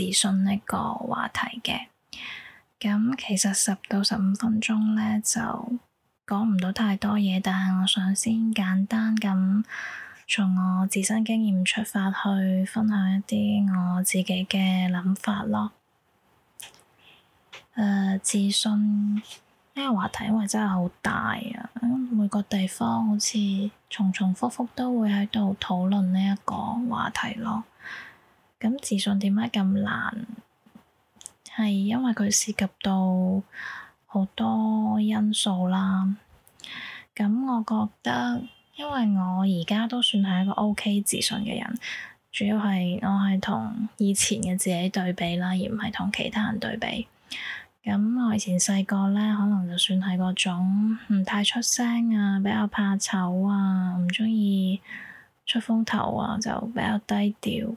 自信呢個話題嘅，咁其實十到十五分鐘呢，就講唔到太多嘢，但係我想先簡單咁從我自身經驗出發去分享一啲我自己嘅諗法咯。誒、呃，自信呢個話題，因為真係好大啊！每個地方好似重重複複都會喺度討論呢一個話題咯。咁自信點解咁難？係因為佢涉及到好多因素啦。咁我覺得，因為我而家都算係一個 OK 自信嘅人，主要係我係同以前嘅自己對比啦，而唔係同其他人對比。咁我以前細個咧，可能就算係嗰種唔太出聲啊，比較怕醜啊，唔中意出風頭啊，就比較低調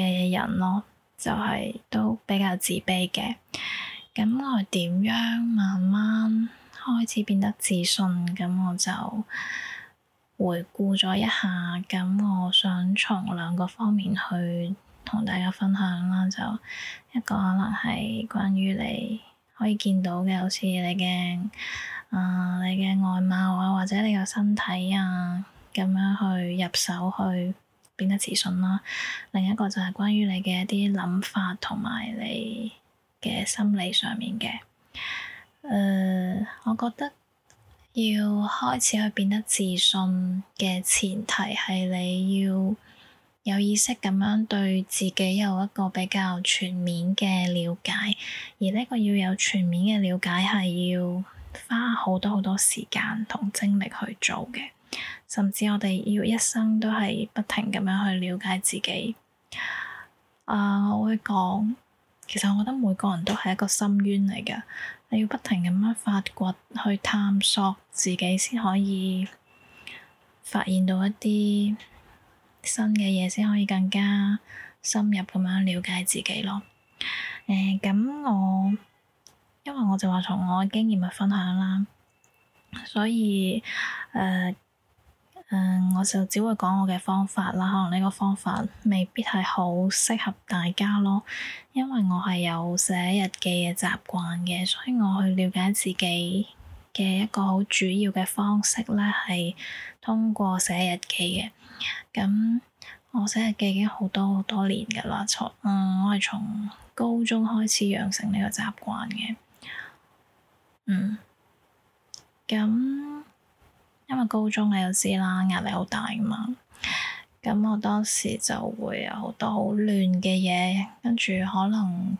嘅人咯，就係、是、都比較自卑嘅。咁我點樣慢慢開始變得自信？咁我就回顧咗一下。咁我想從兩個方面去同大家分享啦。就一個可能係關於你可以見到嘅，好似你嘅啊、呃，你嘅外貌啊，或者你嘅身體啊，咁樣去入手去。變得自信啦，另一個就係關於你嘅一啲諗法同埋你嘅心理上面嘅。誒、呃，我覺得要開始去變得自信嘅前提係你要有意識咁樣對自己有一個比較全面嘅了解，而呢個要有全面嘅了解係要花好多好多時間同精力去做嘅。甚至我哋要一生都係不停咁樣去了解自己。啊、uh，我會講，其實我覺得每個人都係一個深淵嚟㗎，你要不停咁樣發掘、去探索自己，先可以發現到一啲新嘅嘢，先可以更加深入咁樣了解自己咯。誒、uh，咁我因為我就話從我嘅經驗去分享啦，所以誒。Uh, 誒、嗯，我就只會講我嘅方法啦，可能呢個方法未必係好適合大家咯，因為我係有寫日記嘅習慣嘅，所以我去了解自己嘅一個好主要嘅方式咧係通過寫日記嘅，咁我寫日記已經好多好多年噶啦，從嗯我係從高中開始養成呢個習慣嘅，嗯，咁。因為高中你又知啦，壓力好大啊嘛。咁我當時就會有好多好亂嘅嘢，跟住可能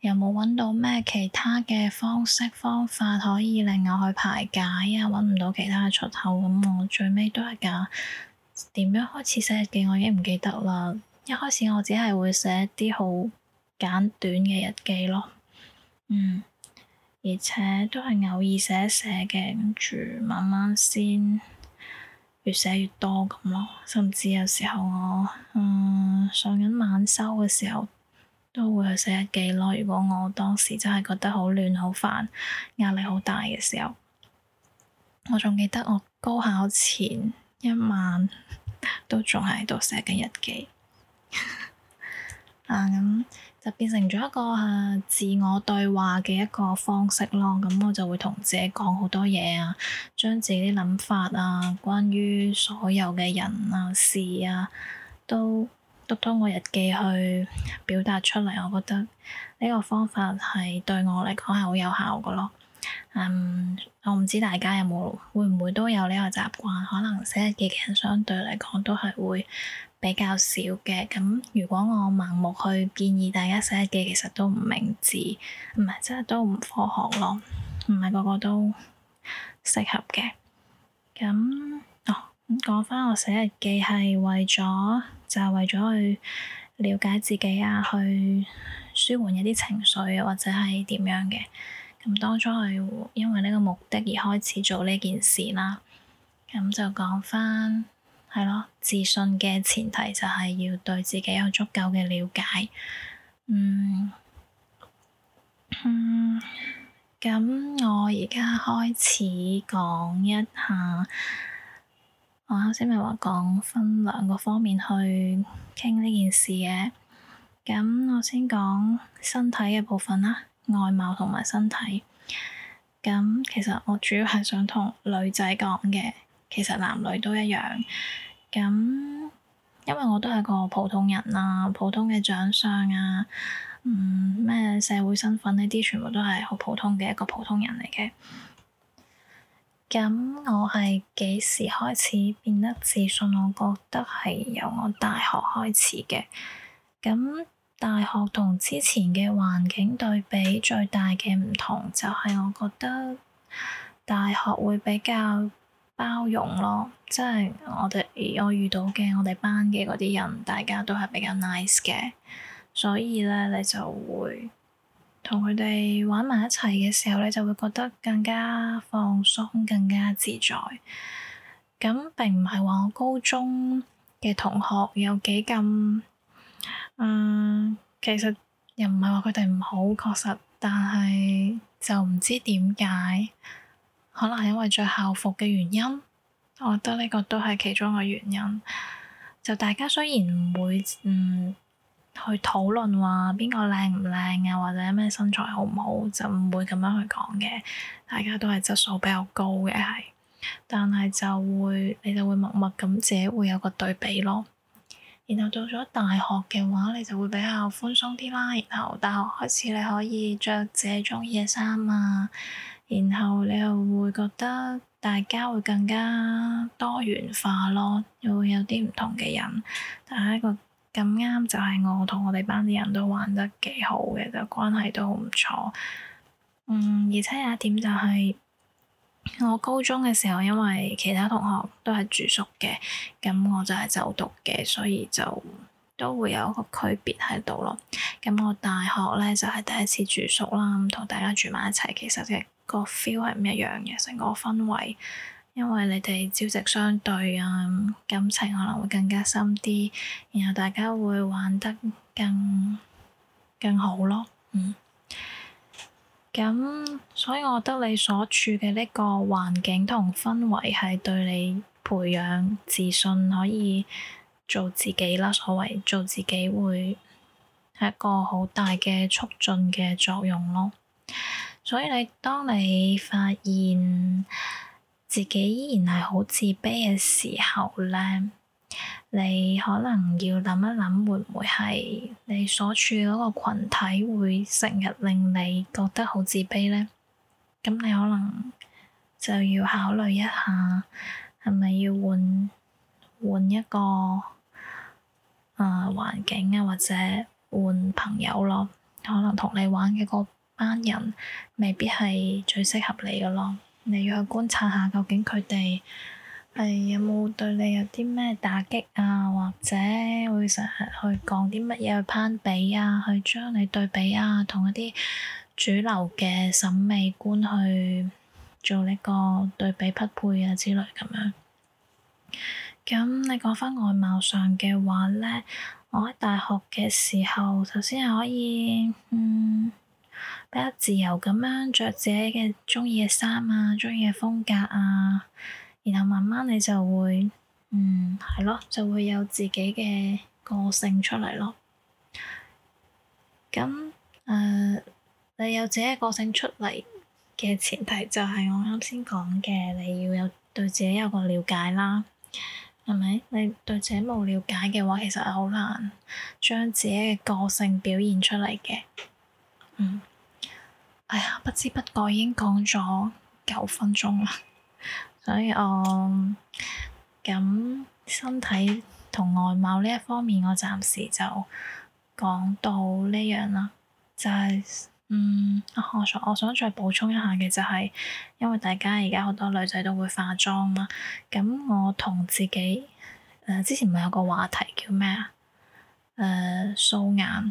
又冇揾到咩其他嘅方式方法可以令我去排解啊，揾唔到其他嘅出口，咁我最尾都係㗎。點樣開始寫日記，我已經唔記得啦。一開始我只係會寫啲好簡短嘅日記咯，嗯。而且都係偶爾寫一寫嘅，跟住慢慢先越寫越多咁咯。甚至有時候我嗯上緊晚修嘅時候，都會去寫日記咯。如果我當時真係覺得好亂、好煩、壓力好大嘅時候，我仲記得我高考前一晚都仲喺喺度寫緊日記。 啊咁～就變成咗一個誒、啊、自我對話嘅一個方式咯，咁我就會同自己講好多嘢啊，將自己啲諗法啊，關於所有嘅人啊事啊，都都通過日記去表達出嚟。我覺得呢個方法係對我嚟講係好有效㗎咯。嗯，我唔知大家有冇會唔會都有呢個習慣，可能寫日記嘅人相對嚟講都係會。比較少嘅，咁如果我盲目去建議大家寫日記，其實都唔明智，唔係，即係都唔科學咯，唔係個個都適合嘅。咁哦，講翻我寫日記係為咗，就係為咗去了解自己啊，去舒緩一啲情緒或者係點樣嘅。咁當初係因為呢個目的而開始做呢件事啦。咁就講翻。係咯，自信嘅前提就係要對自己有足夠嘅了解。嗯，咁、嗯、我而家開始講一下，我頭先咪話講分兩個方面去傾呢件事嘅。咁我先講身體嘅部分啦，外貌同埋身體。咁其實我主要係想同女仔講嘅。其實男女都一樣，咁因為我都係個普通人啦，普通嘅長相啊，嗯咩社會身份呢啲全部都係好普通嘅一個普通人嚟、啊、嘅。咁、啊嗯、我係幾時開始變得自信？我覺得係由我大學開始嘅。咁大學同之前嘅環境對比，最大嘅唔同就係我覺得大學會比較包容咯，即係我哋我遇到嘅我哋班嘅嗰啲人，大家都係比較 nice 嘅，所以咧你就會同佢哋玩埋一齊嘅時候你就會覺得更加放鬆，更加自在。咁並唔係話我高中嘅同學有幾咁，嗯，其實又唔係話佢哋唔好，確實，但係就唔知點解。可能係因為着校服嘅原因，我覺得呢個都係其中嘅原因。就大家雖然唔會嗯去討論話邊個靚唔靚啊，或者咩身材好唔好，就唔會咁樣去講嘅。大家都係質素比較高嘅，係，但係就會，你就會默默咁自己會有個對比咯。然後到咗大學嘅話，你就會比較寬鬆啲啦。然後大學開始你可以着自己中意嘅衫啊，然後你又會覺得大家會更加多元化咯，又會有啲唔同嘅人。但係一個咁啱就係我同我哋班啲人都玩得幾好嘅，就關係都好唔錯。嗯，而且有一點就係、是。我高中嘅時候，因為其他同學都係住宿嘅，咁我就係走讀嘅，所以就都會有一個區別喺度咯。咁我大學咧就係第一次住宿啦，咁同大家住埋一齊，其實嘅個 feel 係唔一樣嘅，成個氛圍，因為你哋朝夕相對啊，感情可能會更加深啲，然後大家會玩得更更好咯，嗯。咁，所以我覺得你所處嘅呢個環境同氛圍係對你培養自信，可以做自己啦。所謂做自己會係一個好大嘅促進嘅作用咯。所以你當你發現自己依然係好自卑嘅時候咧～你可能要諗一諗，會唔會係你所處嗰個群體會成日令你覺得好自卑呢？咁你可能就要考慮一下，係咪要換換一個啊，呃，環境啊，或者換朋友咯。可能同你玩嘅嗰班人未必係最適合你噶咯，你要去觀察下究竟佢哋。係、哎、有冇對你有啲咩打擊啊？或者會成日去講啲乜嘢去攀比啊？去將你對比啊，同一啲主流嘅審美觀去做呢個對比匹配啊之類咁樣。咁你講翻外貌上嘅話咧，我喺大學嘅時候，首先係可以，嗯，比較自由咁樣着自己嘅鍾意嘅衫啊，鍾意嘅風格啊。然後慢慢你就會，嗯，係咯，就會有自己嘅個性出嚟咯。咁，誒、呃，你有自己個性出嚟嘅前提，就係我啱先講嘅，你要有對自己有個了解啦。係咪？你對自己冇了解嘅話，其實係好難將自己嘅個性表現出嚟嘅。嗯。哎呀，不知不覺已經講咗九分鐘啦。所以我咁身體同外貌呢一方面，我暫時就講到呢樣啦。就係、是、嗯，我想我想再補充一下嘅就係、是，因為大家而家好多女仔都會化妝嘛。咁我同自己誒、呃、之前咪有個話題叫咩啊？誒、呃、素顏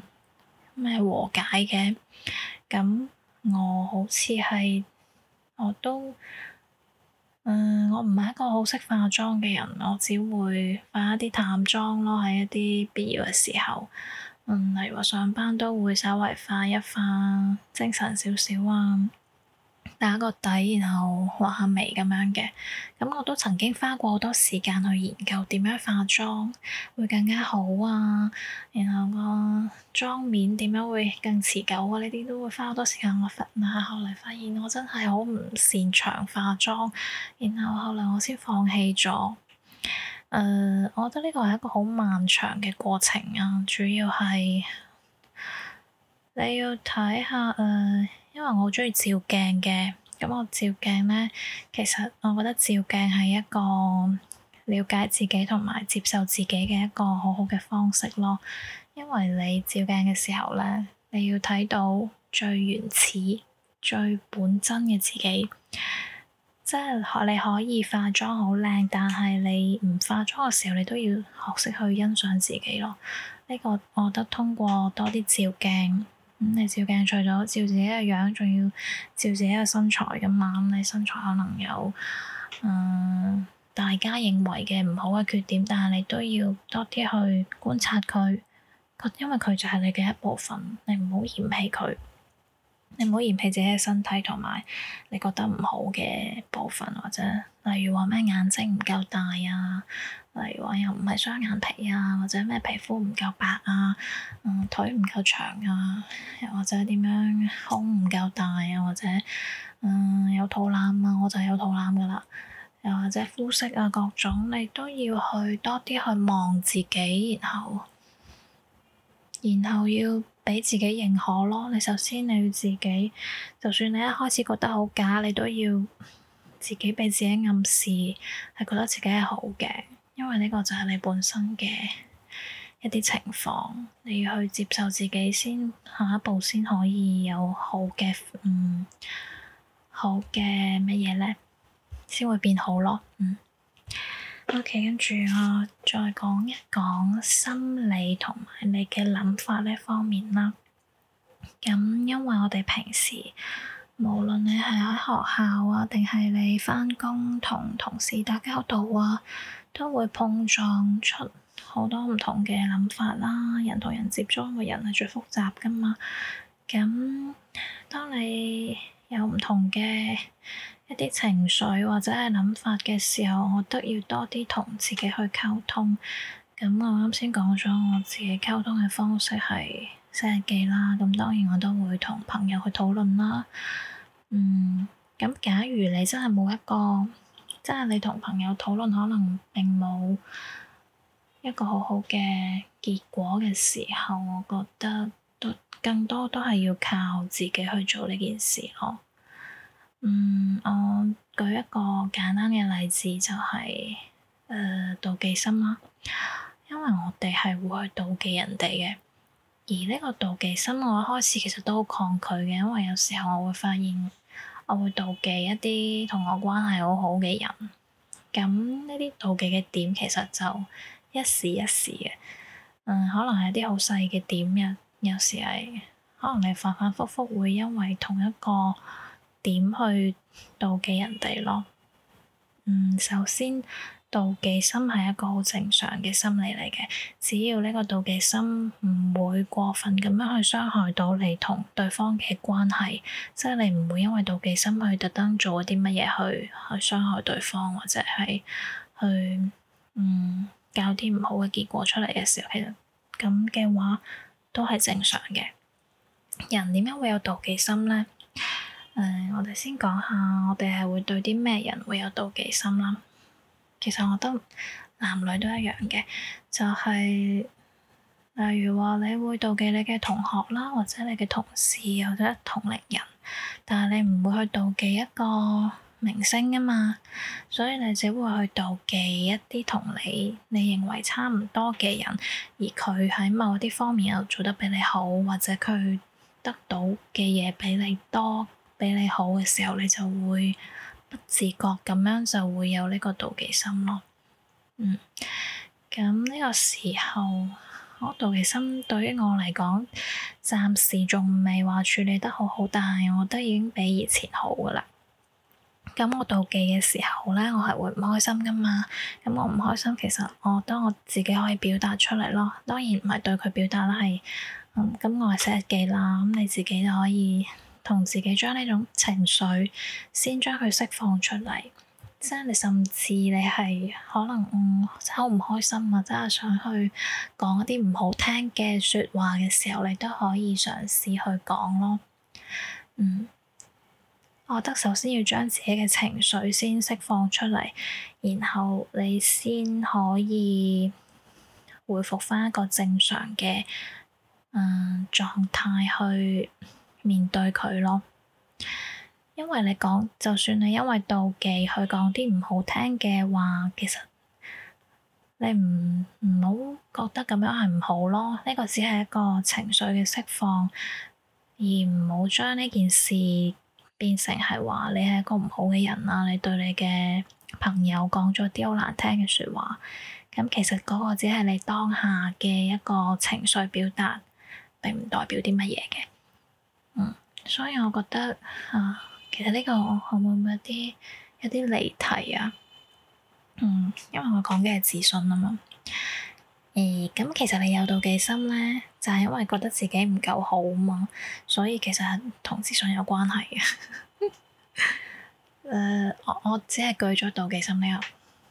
咩和解嘅。咁我好似係我都。嗯，我唔係一個好識化妝嘅人，我只會化一啲淡妝咯，喺一啲必要嘅時候。嗯，例如話上班都會稍微化一化，精神少少啊。打個底，然後畫下眉咁樣嘅。咁我都曾經花過好多時間去研究點樣化妝會更加好啊。然後個妝面點樣會更持久啊，呢啲都會花好多時間，我問下，後嚟發現我真係好唔擅長化妝。然後後嚟我先放棄咗。誒、呃，我覺得呢個係一個好漫長嘅過程啊。主要係你要睇下誒。呃因為我好鍾意照鏡嘅，咁我照鏡咧，其實我覺得照鏡係一個了解自己同埋接受自己嘅一個好好嘅方式咯。因為你照鏡嘅時候咧，你要睇到最原始、最本真嘅自己。即係可你可以化妝好靚，但係你唔化妝嘅時候，你都要學識去欣賞自己咯。呢個我覺得通過多啲照鏡。咁、嗯、你照鏡除咗照自己嘅樣，仲要照自己嘅身材㗎嘛？咁、嗯、你身材可能有誒、嗯、大家認為嘅唔好嘅缺點，但係你都要多啲去觀察佢，因為佢就係你嘅一部分，你唔好嫌棄佢，你唔好嫌棄自己嘅身體同埋你覺得唔好嘅部分，或者例如話咩眼睛唔夠大啊～例如話，又唔係雙眼皮啊，或者咩皮膚唔夠白啊，嗯，腿唔夠長啊，又或者點樣胸唔夠大啊，或者嗯，有肚腩啊，我就有肚腩㗎喇。又或者膚色啊、各種，你都要去多啲去望自己，然後然後要畀自己認可咯。你首先你要自己，就算你一開始覺得好假，你都要自己畀自己暗示，係覺得自己係好嘅。因為呢個就係你本身嘅一啲情況，你要去接受自己先，下一步先可以有好嘅嗯好嘅乜嘢咧，先會變好咯。嗯，OK，跟住我再講一講心理同埋你嘅諗法呢方面啦。咁因為我哋平時無論你係喺學校啊，定係你返工同同事打交道啊。都會碰撞出好多唔同嘅諗法啦，人同人接觸，因為人係最複雜㗎嘛。咁，當你有唔同嘅一啲情緒或者係諗法嘅時候，我覺得要多啲同自己去溝通。咁我啱先講咗我自己溝通嘅方式係寫日記啦，咁當然我都會同朋友去討論啦。嗯，咁假如你真係冇一個，即係你同朋友討論，可能並冇一個好好嘅結果嘅時候，我覺得都更多都係要靠自己去做呢件事咯。嗯，我舉一個簡單嘅例子就係、是，誒、呃、妒忌心啦，因為我哋係會去妒忌人哋嘅，而呢個妒忌心我一開始其實都好抗拒嘅，因為有時候我會發現。我會妒忌一啲同我關係好好嘅人，咁呢啲妒忌嘅點其實就一時一時嘅，嗯，可能係啲好細嘅點嘅，有時係，可能你反反覆覆會因為同一個點去妒忌人哋咯，嗯，首先。妒忌心係一個好正常嘅心理嚟嘅，只要呢個妒忌心唔會過分咁樣去傷害到你同對方嘅關係，即係你唔會因為妒忌心去特登做啲乜嘢去去傷害對方，或者係去嗯搞啲唔好嘅結果出嚟嘅時候，其實咁嘅話都係正常嘅。人點解會有妒忌心咧？誒，呃，我哋先講下，我哋係會對啲咩人會有妒忌心啦。其實我覺得男女都一樣嘅，就係例如話你會妒忌你嘅同學啦，或者你嘅同事或者同齡人，但係你唔會去妒忌一個明星啊嘛，所以你只會去妒忌一啲同你你認為差唔多嘅人，而佢喺某啲方面又做得比你好，或者佢得到嘅嘢比你多，比你好嘅時候，你就會。不自覺咁樣就會有呢個妒忌心咯，嗯，咁呢個時候，我妒忌心對於我嚟講，暫時仲未話處理得好好，但係我覺得已經比以前好噶啦。咁我妒忌嘅時候咧，我係會唔開心噶嘛。咁我唔開心，其實我當我自己可以表達出嚟咯。當然唔係對佢表達啦，係，咁、嗯、我係寫日記啦。咁你自己就可以。同自己將呢種情緒先將佢釋放出嚟，即係你甚至你係可能嗯好唔開心，或者係想去講一啲唔好聽嘅説話嘅時候，你都可以嘗試去講咯。嗯，我覺得首先要將自己嘅情緒先釋放出嚟，然後你先可以回復翻一個正常嘅嗯狀態去面對佢咯，因為你講，就算你因為妒忌去講啲唔好聽嘅話，其實你唔唔好覺得咁樣係唔好咯。呢個只係一個情緒嘅釋放，而唔好將呢件事變成係話你係一個唔好嘅人啊！你對你嘅朋友講咗啲好難聽嘅説話，咁其實嗰個只係你當下嘅一個情緒表達，並唔代表啲乜嘢嘅。嗯，所以我覺得啊，其實呢個會唔會一啲一啲離題啊？嗯，因為我講嘅係自信啊嘛。誒、呃，咁其實你有妒忌心咧，就係、是、因為覺得自己唔夠好啊嘛，所以其實係同自信有關係嘅。誒、 呃，我我只係舉咗妒忌心呢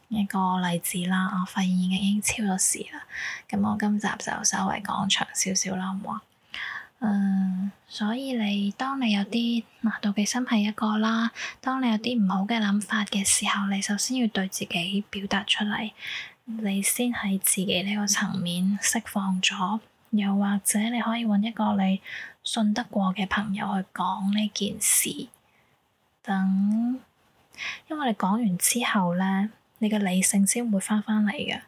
一個例子啦，我發現已經超咗時啦。咁我今集就稍微講長少少啦，好唔好啊？嗯，所以你當你有啲妒忌嘅心係一個啦，當你有啲唔好嘅諗法嘅時候，你首先要對自己表達出嚟，你先喺自己呢個層面釋放咗。又或者你可以搵一個你信得過嘅朋友去講呢件事，等，因為你講完之後咧，你嘅理性先會翻翻嚟嘅。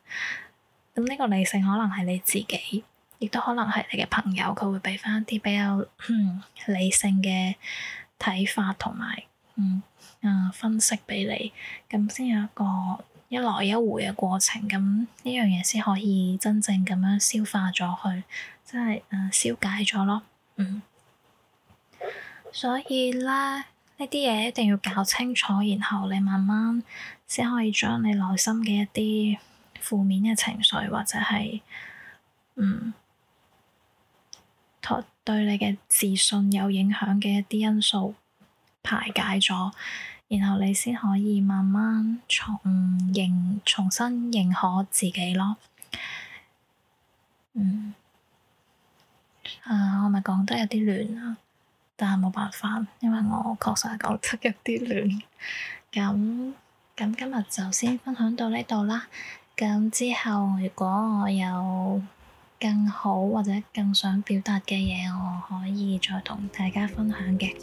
咁呢個理性可能係你自己。亦都可能係你嘅朋友，佢會畀翻一啲比較理性嘅睇法同埋，嗯啊、呃、分析俾你，咁先有一個一來一回嘅過程，咁呢樣嘢先可以真正咁樣消化咗去，即係啊、呃、消解咗咯，嗯。所以咧，呢啲嘢一定要搞清楚，然後你慢慢先可以將你內心嘅一啲負面嘅情緒或者係，嗯。對你嘅自信有影響嘅一啲因素排解咗，然後你先可以慢慢重認重新認可自己咯。嗯。啊，我咪講得有啲亂啦，但係冇辦法，因為我確實係講得有啲亂。咁 咁今日就先分享到呢度啦。咁之後如果我有更好或者更想表達嘅嘢，我可以再同大家分享嘅。